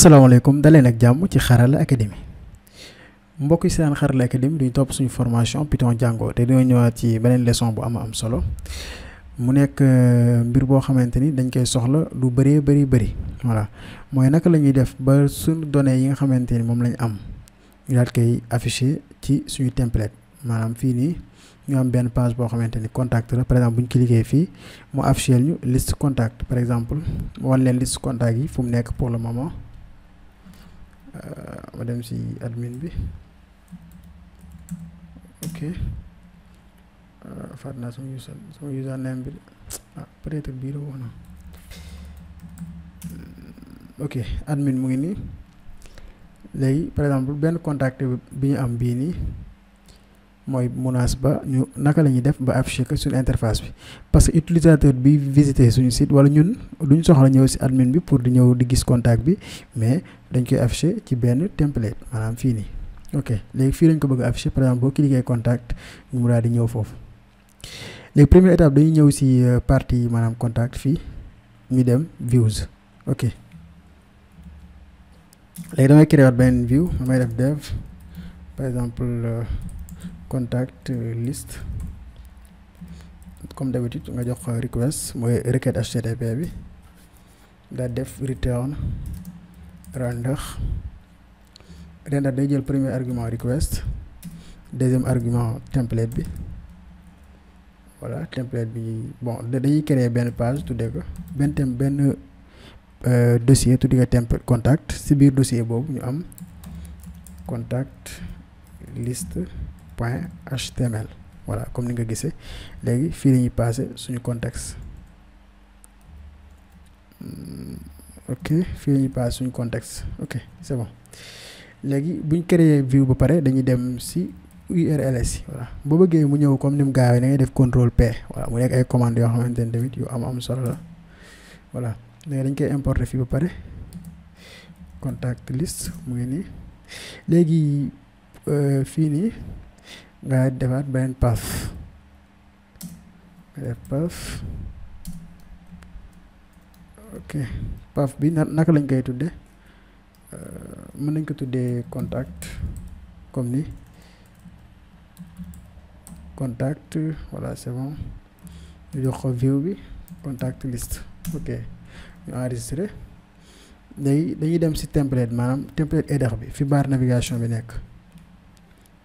asalaamaaleykum daleen ak jàmm ci xarala académie mbokk yi seen xarala académie duñ topp suñu formation Python Django te dina ñëwaat ci beneen leçon bu am am solo mu nekk euh, mbir boo xamante ni dañ koy soxla du bëree bëri bëri voilà mooy naka la ñuy def ba suñu données yi nga xamante ni moom lañ am ñu daal koy affiché ci suñu template maanaam fii nii ñu am benn page boo xamante ni contact la par exemple bu ñu liggéey fii mu affiché ñu liste contact par exemple wan leen liste yi fu mu nekk pour le moment. Euh, ma dem si admin bi ok euh, faat naa sama user sama username bi ah peut-être bii la wax hmm, ok admin mu ngi nii léegi par exemple benn contact bi ñu am bii nii moy Monas ba ñu naka la def ba afficher que suñu interface bi parce que utilisateur bi visité suñu site wala ñun duñ soxla ñëw ci admin bi pour di ñëw di gis contact bi mais dañ koy afficher ci benn template manam fini ok léegi fii lañ ko bëgg afficher par exemple boo cliquer contact ñu mu daal di ñëw foofu léegi première étape dañuy ñëw si euh, partie manam contact fii ñu dem views ok léegi damay créer waat benn view damay def dev par exemple euh, contact euh, list comme d'habitude nga jox euh, request moy requête http bi da def return render render déjà le premier argument request deuxième argument template voilà template bi bon dañuy créer benn page tout ko benn tem euh, dossier tout d'abord template contact si biir dossier bon ñu am contact liste point html voilà comme ni nga gissé légui fi li ñi passé suñu contexte hmm, ok fi la ñuy passé suñu contexte ok c'est bon légui buñ créer view ba paré dañuy dem ci url yi voilà bo bëggé mu ñëw comme nim gaawé gaawee da ngay def ctrl p voilà mu nek ay commande yo xamante tamit yu am am solo la voilà léegi dañ koy importer fi ba paré contact list mu ngi nii léegi euh, fii nii nga defaat beneen pass nga def pass ok pass bi naka lañ koy tudde euh, mën nañ ko tuddee contact comme ni contact voilà c'est bon view bi contact list ok ñu enregistré day dañuy dem si template maanaam template header bi fi barre navigation bi nekk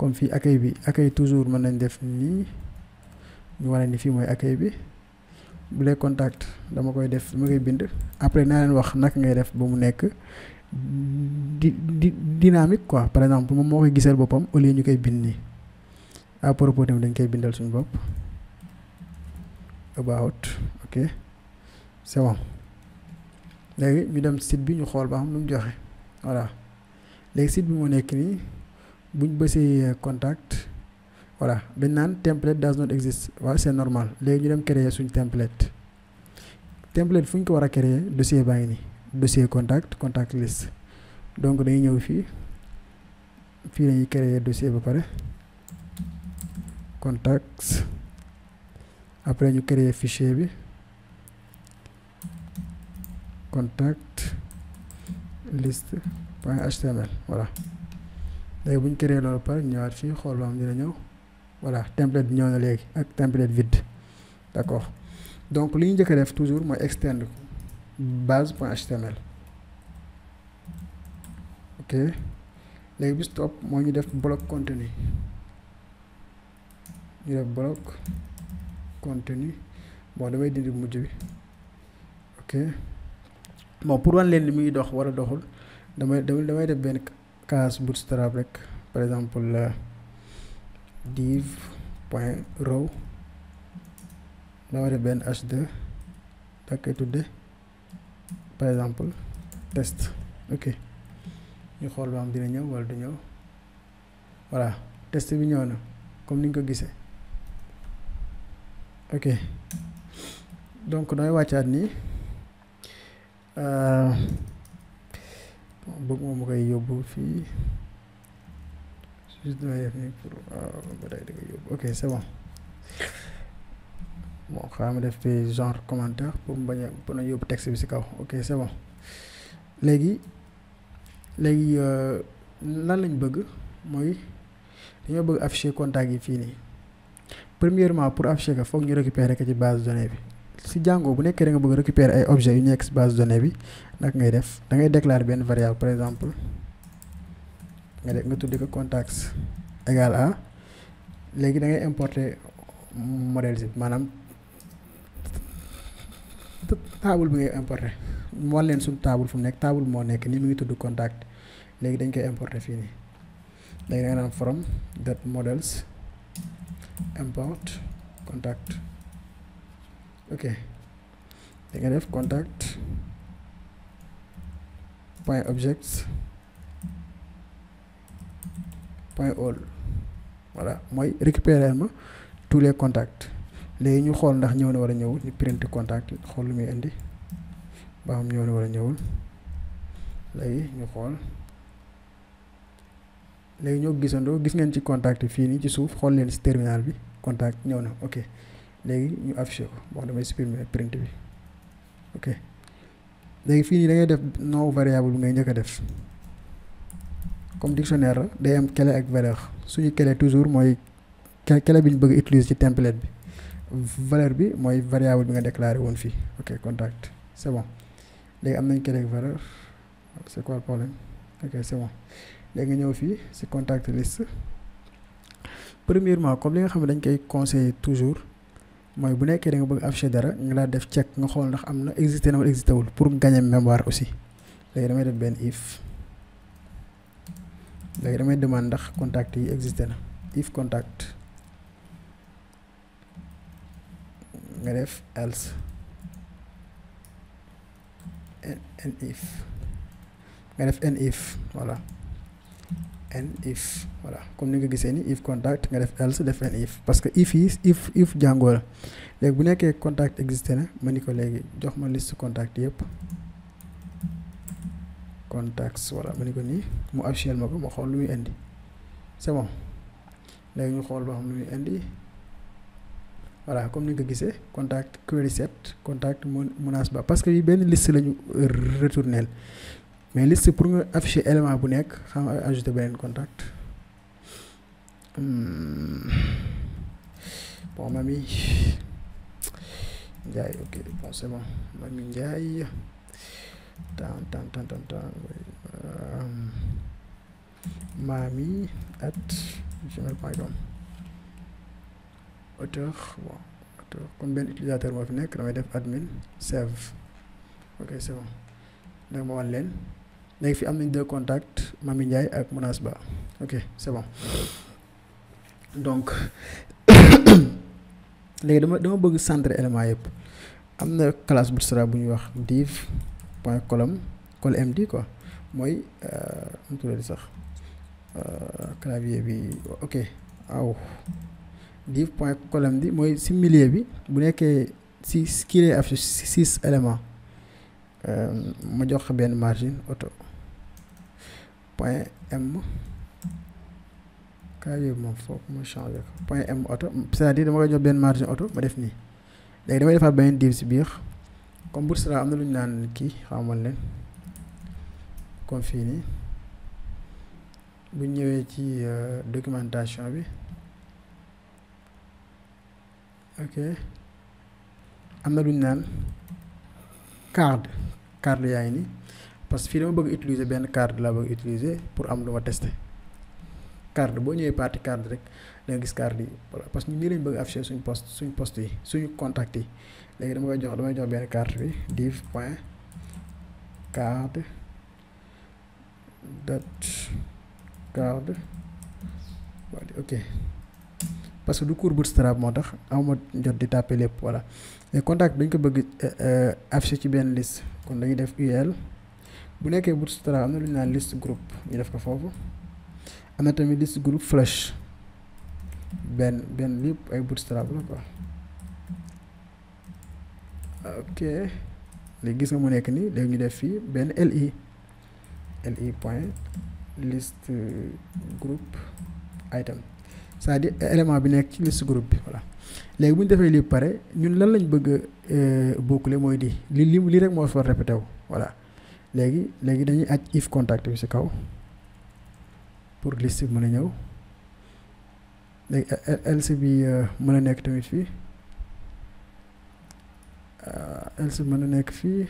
comme fii accueil bi accueil toujours mën nañ def nii ñu wane ni fii mooy accueil bi bu lee contact dama koy def dama koy bind après naa leen wax naka ngay def ba mu nekk di di dynamique quoi par exemple moom moo koy gisal boppam au lieu ñu koy bind nii à propos dañ koy bindal suñu bopp about ok c'est léegi ñu dem site bi ñu xool ba xam lu mu joxe voilà léegi site bi moo nekk nii. buñ bësee euh, contact voilà dañ naan template does not exist waaw c'est normal léegi ñu dem créer suñ template template fu ñu ko war a créer dossier baa ngi nii dossier contact contact list donc dañuy ñëw fii fii lañuy créer dossier ba pare contacts après ñu créer fichier bi contact list point html voilà léegi bu ñu créé loolu pare ñëwaat fii xool loo am dina ñëw voilà template bi ñëw na léegi ak template vide d' accord donc li ñu njëkk a def toujours mooy extend base point html ok léegi bis topp moo ñu def bloc contenu ñu def bloc contenu bon damay dindi mujj bi ok bon pour wan leen li muy dox wala doxul damay damay def benn class bootstrap rek par exemple uh, div point row dama def h2 takay koy tudde par exemple test ok ñu xol ba am dina ñew wala du ñew voilà test bi ñew na comme niñ ko gissé ok donc damay wàccaat nii uh, bëgg moom ma koy yóbbu fii juste damay def nii pour waaw ah, ba day di ko yóbbu ok c'est bon xaaral ma def fi genre commentaire pour mu bañ a pour na yóbbu texte bi si kaw ok c'est bon léegi léegi euh, lan lañ bëgg mooy dañoo bëgg afficher contact yi fii nii premièrement pour afficher ko foog ñu récupérer ko ci base de bi si Django bu nekké nga bëgg récupérer ay objet yu nekk si base données bi nak ngay def da ngay déclarer ben variable par exemple nga def nga tuddi ko contacts égal à légui da ngay importer modèle zip manam table bi ngay importer mo leen sun table fu nekk table mo nekk ni mi ngi tuddu contact légui dañ koy importer fini nii da nga from that models import contact ok danga def contact point objects point all voilà mooy récupérer ma tous les contacts léegi ñu xool ndax ñëw na war a ñëwul ñu print contact xool lu muy indi ba xam ñëw na war a ñëwul léegi ñu xool léegi ñoo gisandoo gis ngeen ci contact fii nii ci suuf xool leen ci terminal bi contact ñëw na ok léegi ñu affiché ko bon damay supprimer print bi ok léegi fii nii da ngay def no variable bi ngay njëkk a def comme dictionnaire day am clé ak valeur suñu clé toujours mooy clé bi ñu bëgg utiliser ci template bi valeur bi mooy variable bi nga déclaré woon fii ok contact c'est bon léegi am nañ clé ak valeur c'est quoi le problème ok c'est bon léegi ñëw fii ci contact list premièrement comme li nga xam ne dañ koy conseiller toujours moy bu nekké da nga bëgg afficher dara nga la def check nga xol ndax amna exister na wala exister wul pour gagner mémoire aussi léegi damay def ben if léegi damay demande ndax contact yi exister na if contact nga def else and if nga def and if voilà and if voilà comme ni nga gisee ni if contact nga def else def and if parce que if yi if if Django la léegi bu nekkee contact existé na ma ni ko léegi jox ma liste contact yëpp contacts walla ma ni ko nii mu affiché ma ko ma xool lu muy indi c'est bon léegi ñu xool ba xam lu muy indi voilà comme ni nga gisee contact query set contact menace ba parce que yi benn liste lañu retournel mais liste pour afficher élément bu nek ajouter contact hmm. bon Mami Ndiaye ok bon c'est bon Mami tan tan tan tan tan euh, mami at gmail.com auteur bon auteur admin save ok c'est bon il y deux contacts Mami Ndiaye ok c'est bon donc je dama dama bëgg centre élément yëpp classe div md quoi clavier ok aw div point column si si six éléments ma margin auto point m kaa yooyu moom foog mu changé point m auto c'est-à-dire dama koy jox benn margin auto ma def nii léegi damay defaat benn div si biir comme Boursorama am na lu ñu naan xamal leen comme fii bu ñëwee ci ya, documentation bi ok am na lu card card yaa ngi parce que fii dama bëgg utiliser benn carte laa bëgg utiliser pour am lu ma tester carte boo ñëwee parti carte rek da nga gis carte yi parce que ñu nii lañ bëgg afficher suñ poste suñ post yi suñu contact yi léegi dama koy jox damay jox benn carte bi div point carte date carte ok parce que du cours bootstrap moo tax amuma jot di tàppe lépp voilà les contacts dañ ko bëgg euh, euh, afficher ci benn liste kon dañuy def UL bu nekkee Bootstrap am na lu ñu naan liste groupe ñu def ko foofu am na tamit liste groupe flash benn benn lépp ay Bootstrap la quoi ok léegi gis nga mu nekk nii léegi ñu def fii benn li li point liste groupe item c'est-à-dire bi nekk ci liste group bi voilà léegi bu ñu defee lii pare ñun lan lañu bëgg a euh, boucler mooy di li li li rek moo fa répété wu léegi léegi dañuy aj if contact bi ci kaw pour liste bi mën a ñëw léegi else bi uh, mën a nekk tamit fii else uh, bi mën a nekk fii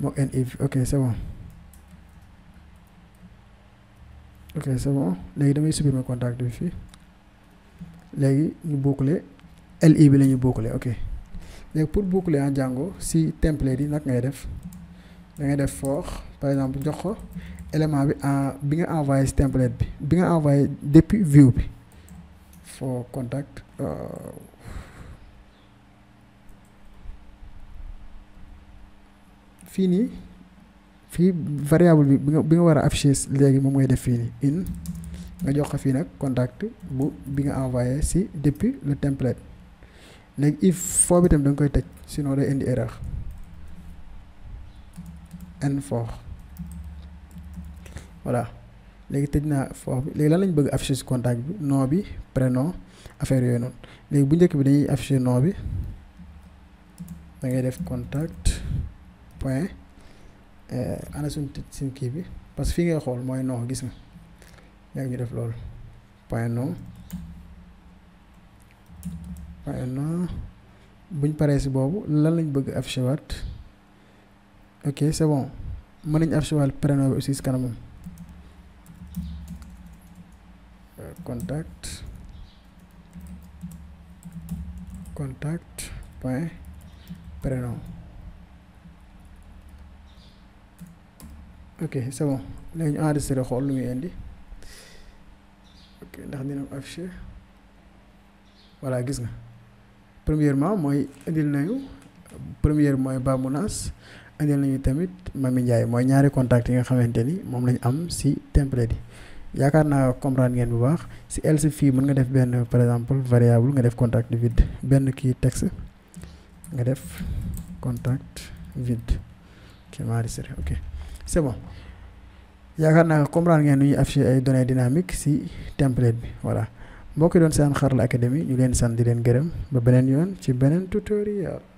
mook and if ok c'est bon ok c'est léegi damay supprimer contact bi fii léegi ñu boucler li bi la ñu boucler ok léegi pour boucler en Django si template yi nag ngay def da ngay def for par exemple jox ko élément bi en bi nga envoyé si template bi bi nga envoyé depuis view bi for contact euh, fii nii fii variable bi bi nga bi war a afficher léegi moom ngay def fii nii in nga jox ko fii nag contact bu bi nga envoyé si depuis le template léegi if foo bi tam da nga koy tëj sinon day indi erreur. and for voilà léegi tëj naa for bi léegi lan lañ bëgg afficher ci contact bi nom bi prénom affaire yooyu noonu léegi bu njëkk bi dañuy afficher nom bi dangay def contact point eh, ana suñ suñ kii bi parce que fii ngay xool mooy nom gis nga léegi ñu def loolu point nom point nom buñ paree si boobu lan lañ bëgg afficher waat ok c'est mën nañu archival prénom bi aussi kanamam euh, contact contact point prénom ok c'est bon léegi ñu xool lu muy indi ok ndax dina am affiché voilà gis nga premièrement mooy indil nañu première mooy Ba andil nañu tamit Mami Ndiaye moy ñaari contact yi nga xamanteni ni lañ am si template yi yaakaar naa comprendre ngeen bu baax si else fii mën nga def benn par exemple variable nga def contact vide benn kii texte nga def contact vide ok maa ok c'est bon yaakaar naa comprendre ngeen ñuy afficher ay données dynamiques si template bi voilà mbokk doon seen Xarala Academy ñu leen sant di leen gërëm ba beneen yoon ci beneen tutorial.